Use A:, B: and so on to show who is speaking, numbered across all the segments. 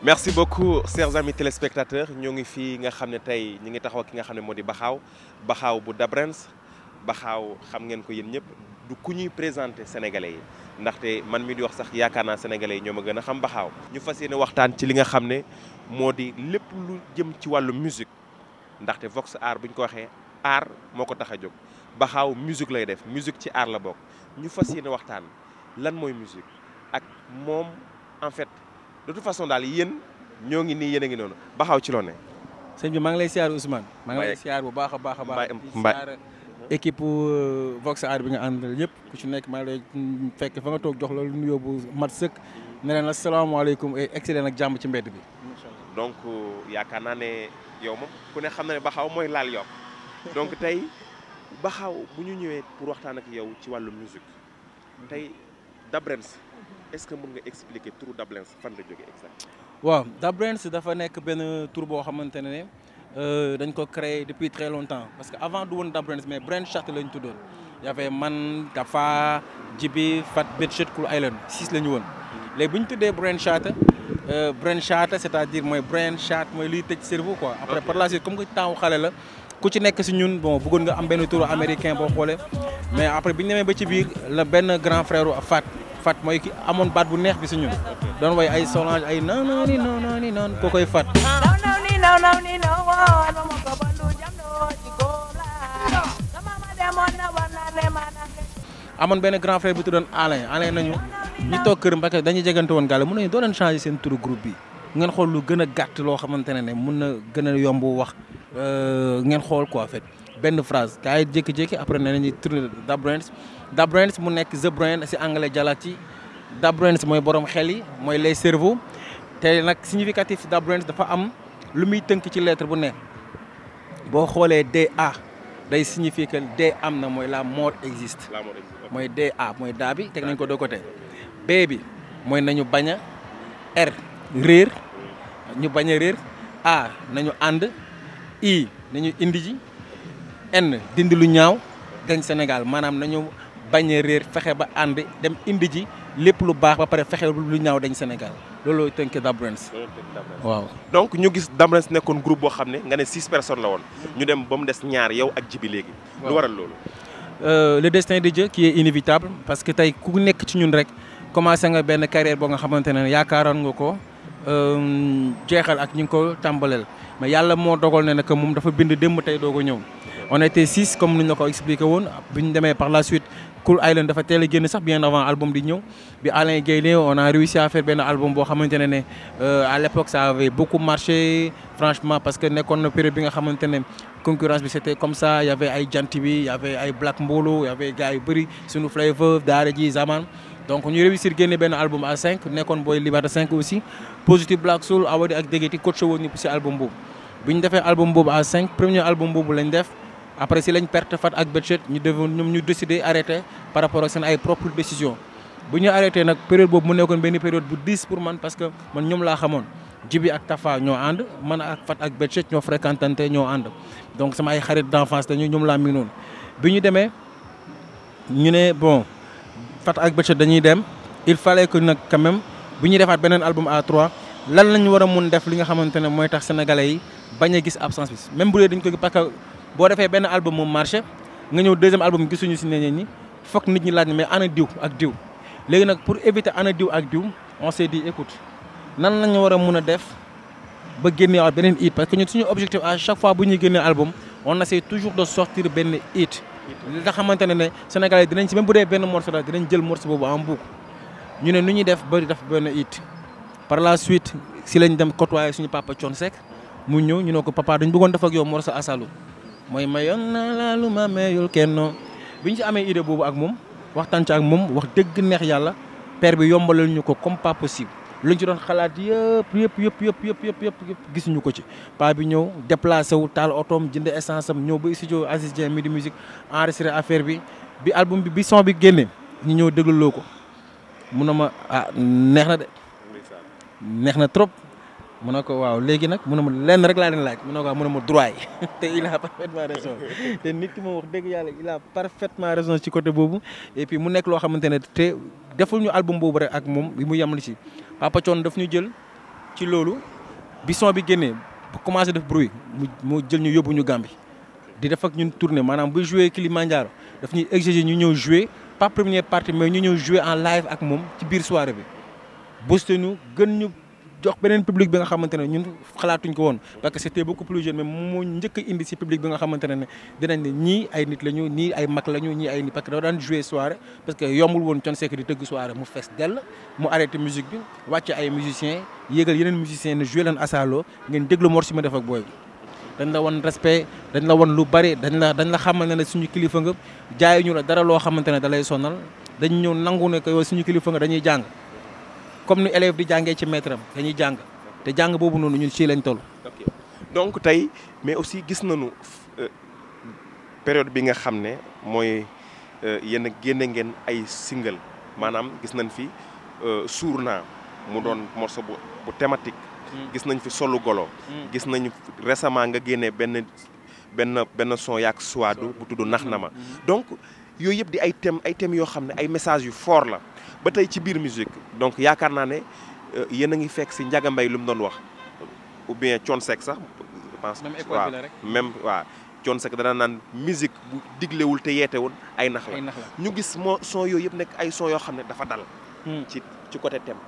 A: merci beaucoup chers amis téléspectateurs ñoo ngi fii nga xam ne tey ñu ngi taxaw ki nga xam ne moo di Baxaaw Baxaaw bu Dabrens Baxaaw xam ngeen ko yéen ñëpp du ku ñuy présenté sénégalais yi ndaxte man mi di wax sax yaakaar naa sénégalais yi ñoo ma gën a xam Baxaaw ñu fas yéene waxtaan ci li nga xam ne moo di lépp lu jëm ci wàllu musique ndaxte Vox Art bu ñu ko waxee art moo ko tax a jóg Baxaaw musique lay def musique ci art la bokk ñu fas yéene waxtaan lan mooy musique ak moom en fait de toute façon daal yéen ñoo ngi nii yéen a ngi noonu baxaw ci loo ne.
B: sëñ bi maa ngi lay siyaar Ousmane. maa ngi lay
A: siyaar bu baax a baax a baax.
B: équipe euh, Vox Art bi nga àndal ñëpp ku ci nekk maa ngi lay fekk fa nga toog jox loolu nuyoo bu mat sëkk ne leen asalaamaaleykum et excellent jàmm ci mbedd bi.
A: donc euh, yaakaar naa ne yow moom ku ne xam na ne baxaw mooy laal yokk donc tey baxaw bu ñu ñëwee pour waxtaan ak yow ci wàllu musique tey Dabrems est-ce que mën nga expliquer turu Dablens fan
B: waaw Dablens dafa nekk benn tour boo xamante ne euh, dañ ko créé depuis très longtemps parce que avant du woon Dablens mais Brain Shuttle lañ tuddoon y avait man Tafa Jibi Fat Bedshed Cool Island six la ñu woon léegi bu ñu tuddee Brain Shuttle euh, Brain Shuttle c'est-à-dire mooy Brain Shuttle mooy liy tëj cerveau quoi après par la suite comme que temps xale la ku ci nekk si ñun bon bëggoon nga am benn turu américain boo xoolee mais après bi ñu demee ba ci biir la benn grand frère Fat fat mooy ki amoon baat bu neex bi si ñun doon way ay Solange ay naw naw ni naw naw ni noon ko koy fat amoon benn grand frère bu tuddoon Alain Alain nañu ñu toog kër Mbacke dañuy jegante woon gàlle mun nañu doo leen changer seen turu groupe bi ngeen xool lu gën a gàtt loo xamante ne ne mun na gën a yomb wax euh, ngeen xool ko quoi fait benn phrase gars yi jékki-jékki après nee nañu tourné Da Bruyne Da Bruyne mu nekk The Bruyne si anglais jalaat ci Da Bruyne mooy borom xel yi mooy les cerveaux te nag significatif Da Bruyne dafa am lu muy tënk ci lettre bu ne boo xoolee DA day signifie que am na mooy la mort existe. la mort mooy daa bi teg nañ ko de côté. B bi mooy nañu bañ a R réer ñu bañ a réer A nañu ànd I nañu indi ji. enn dindi lu ñaaw dañ Sénégal maanaam nañu bañ a réer fexe ba ànd dem indi
A: ji lépp lu baax ba pare fexe lu ñaaw dañ Sénégal looloo tënk Dabrens waaw donc ñu gis Dabrens nekkoon groupe boo xam ne nga ne six personnes la woon ñu dem ba mu des ñaar yow ak Jibi léegi lu waral loolu
B: euh, le destin de Dieu qui est inévitable parce que tey ku nekk ci ñun rek commencé nga benn carrière boo nga xamante ne yaakaaroon nga ko euh, jeexal ak ñu ngi ko tàmbaleel mais yàlla moo dogal ne que moom dafa bind démb tey doog a ñëw on était six comme ni ñu la ko expliqué woon bi ñu demee par la suite Cool Island dafa teel a génn sax bien avant album di ñëw bi Alain Gueye ne on a réussi à faire album boo xamante ne ne euh, l'époque ça avait beaucoup marché franchement parce que nekkoon na période bi nga xamante ne concurrence bi c'était comme ça y avait ay jant bi y avait ay Black Mbolo y avait gars yu bëri sunu Flavour Daara ji Zaman donc ñu réussir génne benn album à cinq nekkoon booy li 5 aussi Positive Black Soul Awadi ak Degeti coaché woon ñu ci album boobu bi lañ def. après si lañ perte fat ak budget ñu devoon ñoom ñu décider arrêté par rapport ak seen ay propre décision bu ñu arrêté nag période boobu mu nekkoon benn période bu diis pour man parce que man ñoom laa xamoon Jibi ak Tafa ñoo ànd man ak Fat ak Betchet ñoo fréquentante ñoo ànd donc sama ay xarit d'enfance dañu ñoom laa mi noonu bi ñu demee ñu ne bon Fat ak Betchet dañuy dem il fale que nag quand même bu ñu defaat beneen album à trois lan lañu war mun def li nga xamante ne mooy tax sénégalais yi bañ gis absence boo defee benn album mu marché nga ñëw deuxième album gisuñu si ñeneen ñi foog nit ñi laaj ne mais ana diw ak diw léegi nag pour éviter ana diw ak diw on s'est dit écoute nan lañu war a mun a def ba génneewaat beneen hit parce que ñun suñu objectif à chaque fois bu ñuy génnee album on essaie toujours de sortir benn hit li nga ne ne Sénégalais dinañ si même bu dee benn morceau daal dinañ jël morceau boobu en boucle ñu ne nu ñuy def ba def benn hit par la suite si lañ dem côtoyer suñu papa Thione Seck mu ñëw ñu ne ko papa dañ bëggoon def ak yow morceau Asalou mooy mayoon naa la lu ma mayul kenn bi ñu ci amee idée boobu ak moom waxtaan ci ak moom wax dëgg neex yàlla per bi yombalal ñu ko comme pas possible luñ ci doon xalaat yëpp yëpp yëpp yëpp yëpp yëpp yëpp gisuñu ko ci paa bi ñëw déplacé wu taal otoom jënd essence am ñëw ba studio Aziz Dieng Midi Musique enregistré affaire bi bi album bi bi son bi génnee ñu ñëw dégluloo ko mun na ma ah neex na de neex na trop mu ne ko waaw léegi nag mun ne ma lenn rek laa leen laaj mu ne ko waaw mu ne ma droit yi te il a parfaitement raison te nit ki moom wax dëgg yàlla il a parfaitement raison ci côté boobu et puis mu nekk loo xamante ne te deful ñu album boobu rek ak moom bi mu yemli ci Papa Thione daf ñu jël ci loolu bi bi génnee bu commencé def bruit mu mu jël ñu yóbbu ñu Gambie di def ak ñun tournée maanaam bu joué Kilimanjaro daf ñu exiger ñu ñëw joué pas première partie mais ñu ñëw joué en live ak moom ci biir soirée bi jox beneen public bi nga xamante ne ñun xalaatuñ ko woon parce que c'était beaucoup plus jeune mais moo njëkk a indi si public bi nga xamante ne ne ne ñii ay nit la ñu ñii ay mag la ñu ñii ay nit parce que dafa daan jouer soirée parce que yombul woon Thione Seck di tëgg soirée mu fees dell mu arrêté musique bi wàcce ay musiciens yéegal yeneen musiciens ne joué leen asaaloo ngeen déglu morceau mi def ak booy dañ la wan respect dañ la wan lu bari dañ la dañ la xamal ne ne suñu kilifa nga jaayuñu la dara loo xamante ne da lay sonal dañ ñëw nangu ne suñu kilifa nga dañuy jàng comme ni élève di jàngee ci maître am dañuy jàng te jàng boobu noonu ñu
A: ci lañ toll. donc tey mais aussi gis nañu euh, période bi nga xam ne mooy euh, yenn génne ngeen ay single maanaam gis nañ fi euh, suur na mu doon morceau bu bu thématique. Hmm. gis nañ fi solu golo. Hmm. gis nañu récemment nga génne benn benn benn son yaak suwaadu bu tudd nax na ma hmm. donc yooyu yëpp di ay thème ay thèmes yoo xam ne ay messages yu fort la. ba tey ci biir musique donc yaakaar naa ne euh, yéen a ngi fekk si Ndiaga Mbaye lu mu doon wax ou bien Seck sax je pense même école la rek même waa Thione Seck dana naan musique bu diglewul te yeetewul ay nax la ñu gis moo son yooyu yëpp nekk ay son yoo xam ne dafa dal hmm. ci ci côté thème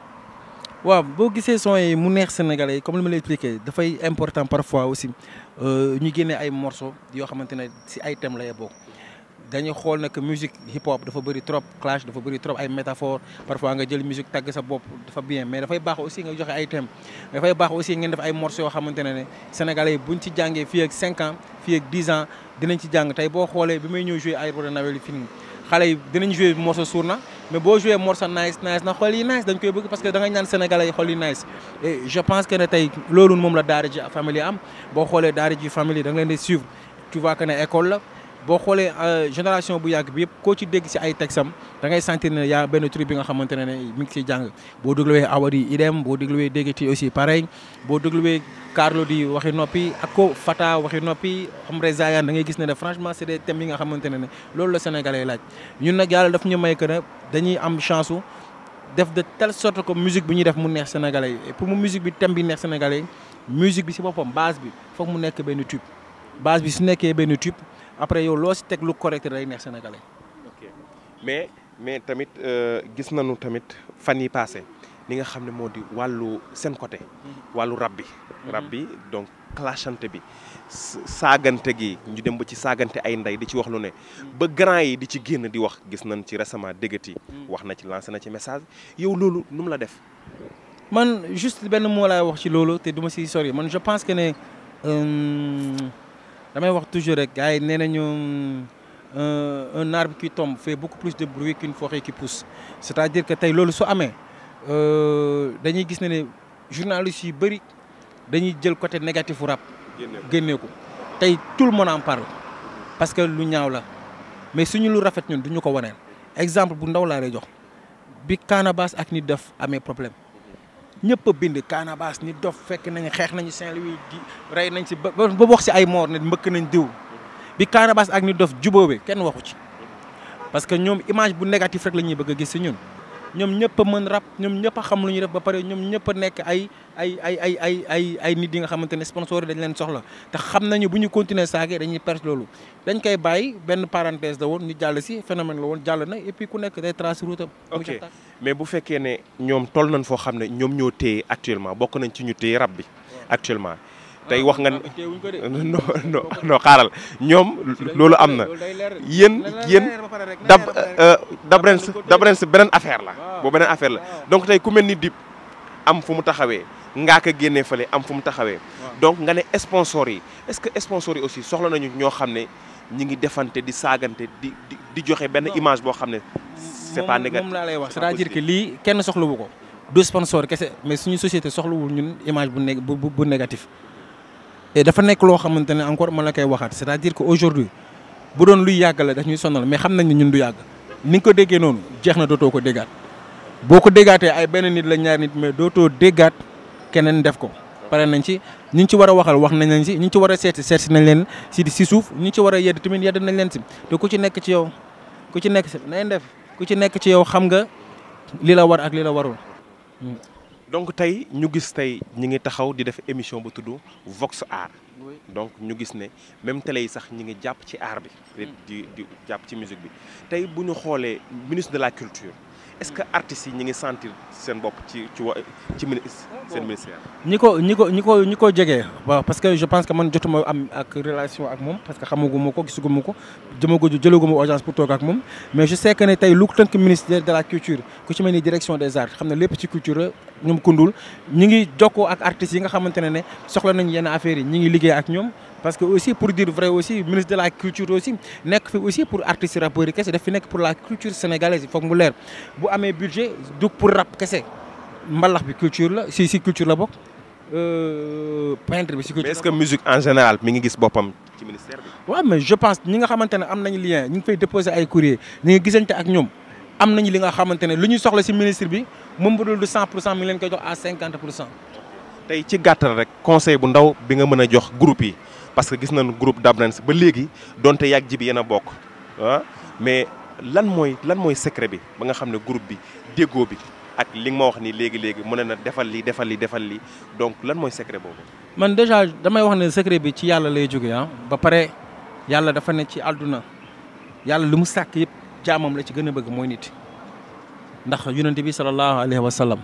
B: waaw boo gisee son yi mu neex sénégalais yi comme li ma lay expliqué dafay important parfois aussi euh, ñu génnee ay morceaux yoo xamante ne si ay thèmes la bokk dañuy xool ne que musique hip hop dafa bëri trop clash dafa bari trop ay métaphore parfois nga jël musique tàgg sa bopp dafa bien mais dafay baax aussi nga joxe ay thème dafay baax aussi ngeen ay morceaux yoo xamante ne ne sénégalais yi buñ ci jàngee fii ci jàng tey boo xoolee bi may ñëw joué aéroport de Noël film xale yi dinañ joué mais boo joué morceau nice nice na xol yi nice dañ koy bëgg parce que da nga ñaan sénégalais yi nice et pense que ne tey loolu moom la daara ji famille am boo xoolee daara ji famille da nga leen di suivre tu vois école la boo xoolee euh, génération bu yàgg bi yëpp koo ci dégg si ay texam da ngay sentir ne yaa benn tur bi nga xamante ne mi ngi siy jàng boo dégluwee awari idem boo dégluwee déggati aussi pareil boo dégluwee Carlo di waxi noppi ak ko Fata waxi noppi Amre Zayan da gis ne ne franchement c'est des bi nga xamante ne ne loolu la sénégalais laaj ñu nag yàlla daf ñu may que ne dañuy am chance def de telle sorte que musique bi ñuy def mu neex sénégalais pour mu musique bi thème bi neex sénégalais yi bi si boppam base bi foog mu nekk benn tube base bi su nekkee benn tube après yow loo si teg lu correct day neex sénégalais.
A: mais mais tamit euh, gis nañu tamit fan yi passé li nga xam ne moo di wàllu seen côté. Mhm. wàllu rab bi. Mhm. rab bi donc clashante bi saagante gi ñu dem ba ci saagante ay ndey di ci wax lu ne mhm. ba grand yi di ci génn di wax gis nañ ci récemment dëggati wax na ci lancé na ci message yow loolu nu mu la def. man juste benn moo laay wax ci loolu te du ma si
B: sori man je pense que ne. Euh, damay wax toujours rek gars yi nee nañu euh, un arbre qui tombe fait beaucoup plus de bruit qu'une forêt ki pousse c'est-à-dire que tey loolu su amee euh, dañuy gis ne ne journalistes yi bëri dañuy jël côté négatif u rap ko tey tout le monde en parle parce que lu ñaaw la mais suñu lu rafet ñun duñu ko waneen exemple bu ndaw laa lay jox bi Canabasse ak ni def amee problème ñëpp a bind Canabasse ni dof fekk nañ xeex nañu Saint-Louis di rey nañ si ba ba wax si ay moor ne mbëkk nañ diw bi Canabasse ak ni dof jubóobe kenn waxu ci parce que ñoom image bu négatif rek la ñuy bëgg a gis si ñun ñoom ñëpp a mën rap ñoom ñëpp a xam lu ñu def ba pare ñoom ñëpp a nekk ay ay ay ay ay ay nit yi nga xamante ne sponsor yi dañ leen soxla te xam nañu bu ñu continuer saage dañuy perte loolu dañ koy bàyyi benn parenthèse da woon ñu jàll si phénomène la woon jàll na et puis ku nekk day trace route am ok
A: mais bu fekkee ne ñoom toll nañ foo xam ne ñoom ñoo téye actuellement bokk nañ ci ñu téye rap bi actuellement tey wax nga ah, non non non xaaral ñoom loolu am na yéen yéen dab euh, Dabrens Dabrens beneen affaire la boo beneen affaire la donc tey ku mel ni Dip am fu mu taxawee ngaa ko génnee fële am fu mu taxawee donc nga ne sponsor yi est-ce que sponsor yi aussi soxla nañu ñoo xam ne ñi ngi defante di saagante di di joxe benn image boo xam ne c'est pas négatif moom laa lay wax cest lii
B: kenn soxlawu ko du sponsor kese mais suñu société soxlawul ñun image bu bu bu négatif et dafa nekk loo xamante ne encore ma la koy waxaat c'est-à-dire que aujourd'hui bu doon luy yàgg la daf ñuy sonal mais xam nañ ne ñun du yàgg ni nga ko déggee noonu jeex na dootoo ko déggaat boo ko déggaatee ay benn nit la ñaar nit mais dootoo déggaat keneen def ko pare nañ ci ñu ci war a waxal wax nañ leen si ñu ci war a seet seet si nañ leen si si suuf ñu ci war a yedd tamit yedd nañ leen si te ku ci nekk ci yow ku ci nekk si nañ def ku ci nekk ci yow xam nga
A: li la war ak li la warul hmm. donc tey ñu gis tey ñi ngi taxaw di def émission bu tudd Vox Art donc ñu gis ne même télé yi sax ñi ngi jàpp ci aar bi mm. di di jàpp ci musique bi tey bu ñu xoolee ministre de la culture est-ce que artistes yi ñu ngi sentir seen bopp ci ci wa ci seen
B: ñi ko ñi ko ñi ko ñi ko jege waaw parce que je pense que man jotuma am ak relation ak moom parce que xamaguma ko gisuguma ko jëmagu jëlaguma audience pour toog ak moom. mais je sais que ne tey lu tënk ministère de la culture ku ci mel ni direction des arts xam ne lépp ci culture ñoom kundul ñu ngi jokkoo ak artistes yi nga xamante ne ne soxla nañ yenn affaires yi ñu ngi liggéey ak ñoom. parce que aussi pour dire vrai aussi ministre de la culture aussi nekk fi aussi pour artiste rappeurs yi kese daf fi nekk pour la culture sénégalaise foog mu leer bu amee budget du pour rap kese mbalax bi culture la si culture la bokk
A: euh, peintre bi si culture. mais que musique en général mi ngi gis boppam ci ministère bi.
B: waaw je pense ñi nga xamante ne am nañu lien ñu ngi fay déposer ay courrier ak ñoom am nañu li nga xamante ne lu ñu soxla si ministre bi moom bu dul du 100 pour cent mi ngi leen jox à
A: tey ci gàttal rek conseil bu ndaw bi nga mën a jox groupe yi. parce que gis nañ groupe Dabnens ba léegi donte yàgg ji bi yéen a bokk ah mais lan mooy lan mooy secret bi ba nga xam ne groupe bi déggoo bi ak li nga ma wax nii léegi léegi mu ne na defal li defal li defal li donc lan mooy secret boobu.
B: man déjà damay wax ne secret bi ci yàlla lay jóge ah ba pare yàlla dafa ne ci àdduna yàlla li mu sàkk yëpp jaamam la ci gën a bëgg mooy nit ndax yonent bi sallallahu alayhi wa sallam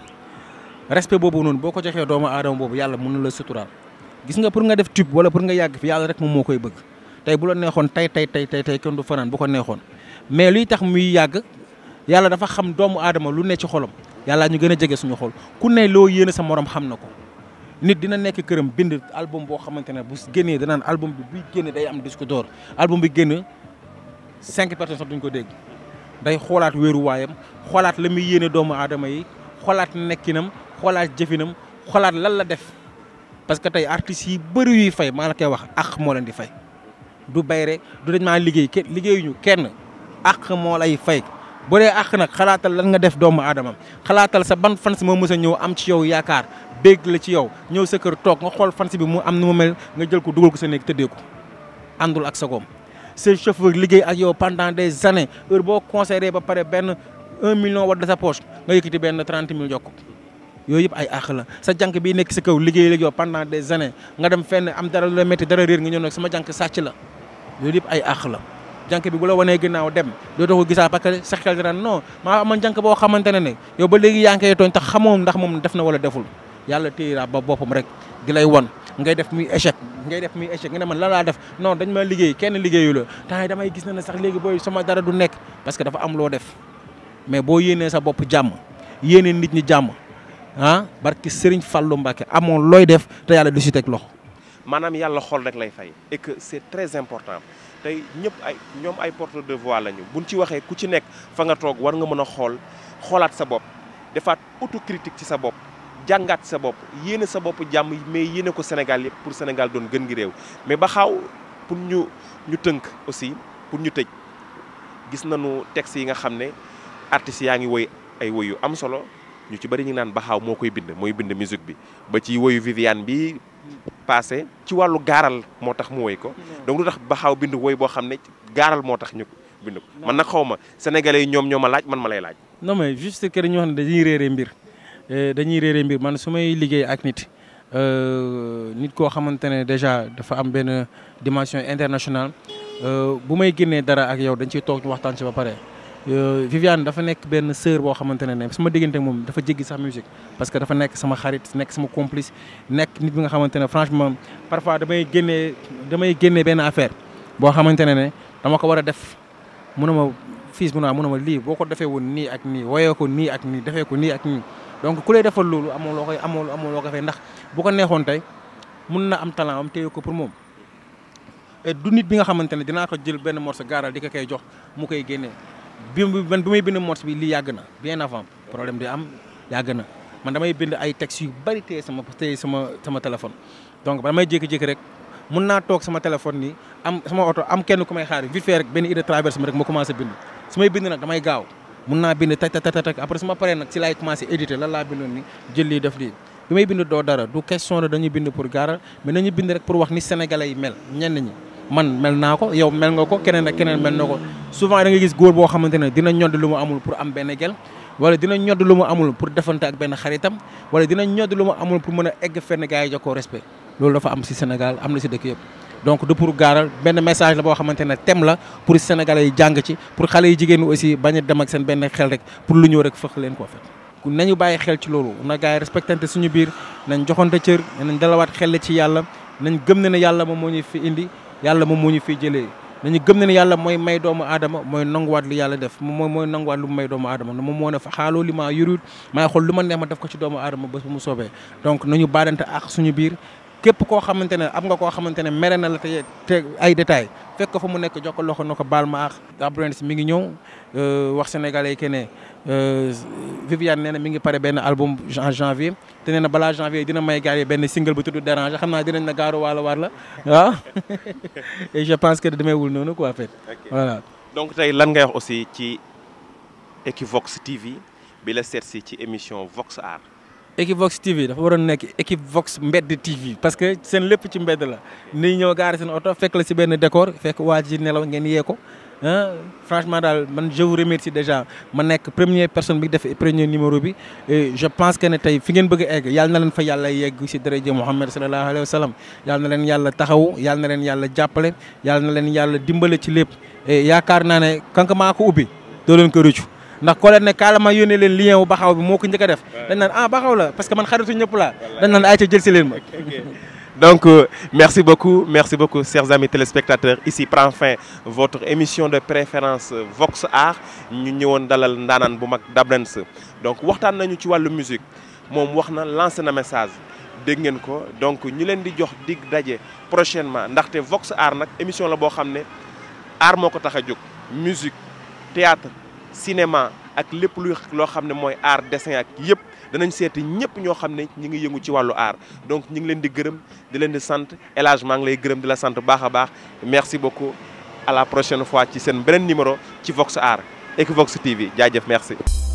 B: respect boobu noonu boo ko joxee doomu aadama boobu yàlla mën na la suturaal. gis nga pour nga def tube wala pour nga yàgg fi yàlla rek moom moo koy bëgg tey bu la neexoon tey tey tey tey tey kenn du fanaan bu ko neexoon mais luy tax muy yàgg yàlla dafa xam doomu aadama lu ne ci xolom yàlla ñu gën a jege suñu xol ku ne loo yéene sa moroom xam na ko nit dina nekk këram bind album boo xamante ne bu génnee danaan album bi buy génne day am disque d'or album bi génn cinq personnes sax duñ ko dégg day xoolaat waayam xoolaat la muy yéene doomu aadama yi xoolaat nekkinam xoolaat jëfinam xoolaat lan la def parce que tey artistes yi bëri yuy fay maa la koy wax ak moo leen di fay du bay rek du dañ maa liggéey kenn liggéeyuñu kenn ak moo lay fay bu dee ak nag xalaatal lan nga def doomu aadama xalaatal sa ban fans moo mës a ñëw am ci yow yaakaar bégg la ci yow ñëw sa kër toog nga xool fans bi mu am nu mu mel nga jël ko dugal ko sa néeg tëddee ko àndul ak sa góom seen chauffeur liggéey ak yow pendant des années heure boo conseillé ba pare benn un million war de sa poche nga yëkkati benn trente mille jokk yooyu yëpp ay àq la sa jànk bi nekk si kaw liggéey ak yow pendant des années nga dem fenn am dara lu la métti dara réer nga ñëw nag sama jànk sàcc la loolu yëpp ay àq la jànk bi bu la wanee ginnaaw dem doo tax ko gisaa parce que sa xel dina non maa amoon jànk boo xamante ne ne yow ba léegi yaa ngi koy xamoo ndax moom def na wala deful yàlla téyira ba boppam rek di lay won ngay def muy échec ngay def muy échec nga ne man la laa def non dañ may liggéey kenn liggéeyu la temps damay gis na ne sax léegi booy sama dara du nekk parce que dafa am def mais boo yéenee sa bopp jàmm yéenee nit ñi jàmm ah barki Serigne Fallou Mbacke amoon looy def te yàlla du si teg loxo.
A: maanaam yàlla xool rek lay fay et que c'est très important tey ñëpp ay ñoom ay porte de voix lañu buñ ci waxee ku ci nekk fa nga toog war nga mën a xool xoolaat sa bopp defaat autocritique ci sa bopp. jàngaat sa bopp yéene sa bopp jàmm mais yéene ko Sénégal yëpp pour Sénégal doon gën gi réew mais ba xaw pour ñu ñu tënk aussi pour ñu tëj gis nañu textes yi nga xam ne artistes yaa ngi woy ay woy yu am solo. ñu ci bari ñu naan baxaaw moo koy bind mooy bind musique bi ba ci woyu Viviane bi passé ci wàllu gaaral moo tax mu woy ko donc lu tax baxaaw bind woy boo xam ne gaaral moo tax ñu bind ko man nag xaw ma sénégalais yi ñoom ñoo ma laaj man ma lay laaj
B: non mais juste que dañoo xam ne dañuy réere mbir eh, dañuy mbir man su may liggéey ak nit euh, nit koo xamante ne déjà dafa am benn dimension internationale euh, bu may génnee dara ak yow dañu ciy toog ñu waxtaan si ba pare Euh, Viviane dafa nekk benn sœur boo xamante ne ne sama diggante moom dafa jéggi sax musique parce que dafa nekk sama xarit nekk sama complice nekk nit bi nga xamante ne franchement parfois damay génnee damay génnee benn affaire boo xamante ne ne dama ko war a def mun a ma fiis naa mun a ma lii boo ko defee woon nii ak nii woyee nii ak nii defee ko nii ak nii ku lay defal loolu amoo loo koy amoo amoo loo ko fay ndax ko neexoon tey mun na am talent am téye ko pour moom du nit bi nga xamante ne dinaa ko jël benn morceau gaaral di ko koy jox mu koy génnee bi man bi may bind morse bi lii yàgg na bien avant problème di am yàgg na man damay bind ay textes yu bari tey sama tey sama sama téléphone. donc man may jékki-jékki rek mun naa toog sama téléphone ni am sama oto am kenn ku may xaar vite fait rek benn idée traverse mi rek ma commencé bind su may bind nag damay gaaw. mun naa bind tak tak après su ma paree nag si laay commencé éditer lan laa bindoon ni jël lii def lii bi may bind doo dara du question la dañuy bind pour gaara mais nañu bind rek pour wax ni sénégalais mel ñenn ñi. man mel naa ko yow mel nga ko keneen ak keneen mel na ko souvent da nga gis góor boo xamante ne dina ñodd lu mu amul pour am benn gel wala dina ñodd lu mu amul pour defante ak benn xaritam wala dina ñodd lu mu amul pour mën a egg fenn gars yi jox ko respect loolu dafa am si Sénégal am na si dëkk yëpp donc de pour gaaral benn message la boo xamante ne thème la pour sénégal yi jàng ci pour xale yi jigéen aussi bañ a dem ak seen benn xel rek pour lu ñëw rek fëx leen koo fet nañu bàyyi xel ci loolu na gars yi respectante suñu biir nañ joxante cër nañ dalawaat xel ci yàlla nañ gëm ne ne yàlla moom moo ñu fi indi yàlla moom moo ñu fiy jëlee nañu gëm ne yàlla mooy may doomu aadama mooy nanguwaat li yàlla def moom mooy nanguwaat lu mu may doomu aadama moom moo ne fa xaaloo li maa yurut lu ma neex ma def ko ci doomu aadama ba bu mu soobee donc nañu baadante ak suñu biir képp koo xamante ne am nga koo xamante ne mere na la te te ay détails fekk ko fa mu nekk jox ko na ko baal ma ax Abdou mi ngi ñëw euh, wax sénégal yi que ne euh, Viviane nee na mi ngi pare benn album en janvier te nee na balaa janvier dina may gars yi benn single bu du déranger xam naa dinañ na gaaru waala waar la ah. je pense que demeewul noonu quoi en fait voilà
A: donc tey lan nga wax aussi ci Equivox TV bi la seet si ci émission Vox Art
B: Equivox TV dafa waroon nekk Equivox mbedd TV parce que seen lépp ci mbedd la ni ñëw gaari seen oto fekk la si benn décor fekk waa ji nelaw ngeen yee ko ah franchement daal man je vous remercie déjà ma nekk première personne bi def premier numéro bi je pense que ne tey fi ngeen bëgg egg yàlla na leen fa yàlla yegg si daraja Muhammad sallallahu alayhi wa sallam yàlla na leen yàlla taxaw yàlla na leen yàlla jàppale yàlla na leen yàlla dimbale ci lépp yaakaar naa ne kanka ko ubbi doo leen ko rëccu ndax koo leen ne kaala ma yónnee leen lien wu baxaw bi
A: moo ko njëkk a def dañ naan ah la parce que man xaritu ñëpp laa dañ naan ay ca jël si leen ma Donc, euh, merci beaucoup, merci beaucoup, chers amis téléspectateurs. Ici prend fin votre émission de préférence Vox Art. ñu ñëwoon dalal le bu mag Dablens. Donc, waxtaan nañu ci wàllu la moom wax na lancé na message. dégg ngeen ko donc ñu leen di jox dig daje prochainement ndaxte Vox Art nag émission la boo xam ne art moo ko tax a jóg musique théâtre cinéma ak lépp luy loo xam ne mooy art dessin ak yëpp danañ seeti ñëpp ñoo xam ne ñi ngi yëngu ci wàllu aar donc ñi ngi leen di gërëm di leen di sant El Hadj maa ngi lay gërëm di la sant baax a baax merci beaucoup à la prochaine fois ci seen beneen numéro ci Vox Art Equivox TV jaajëf merci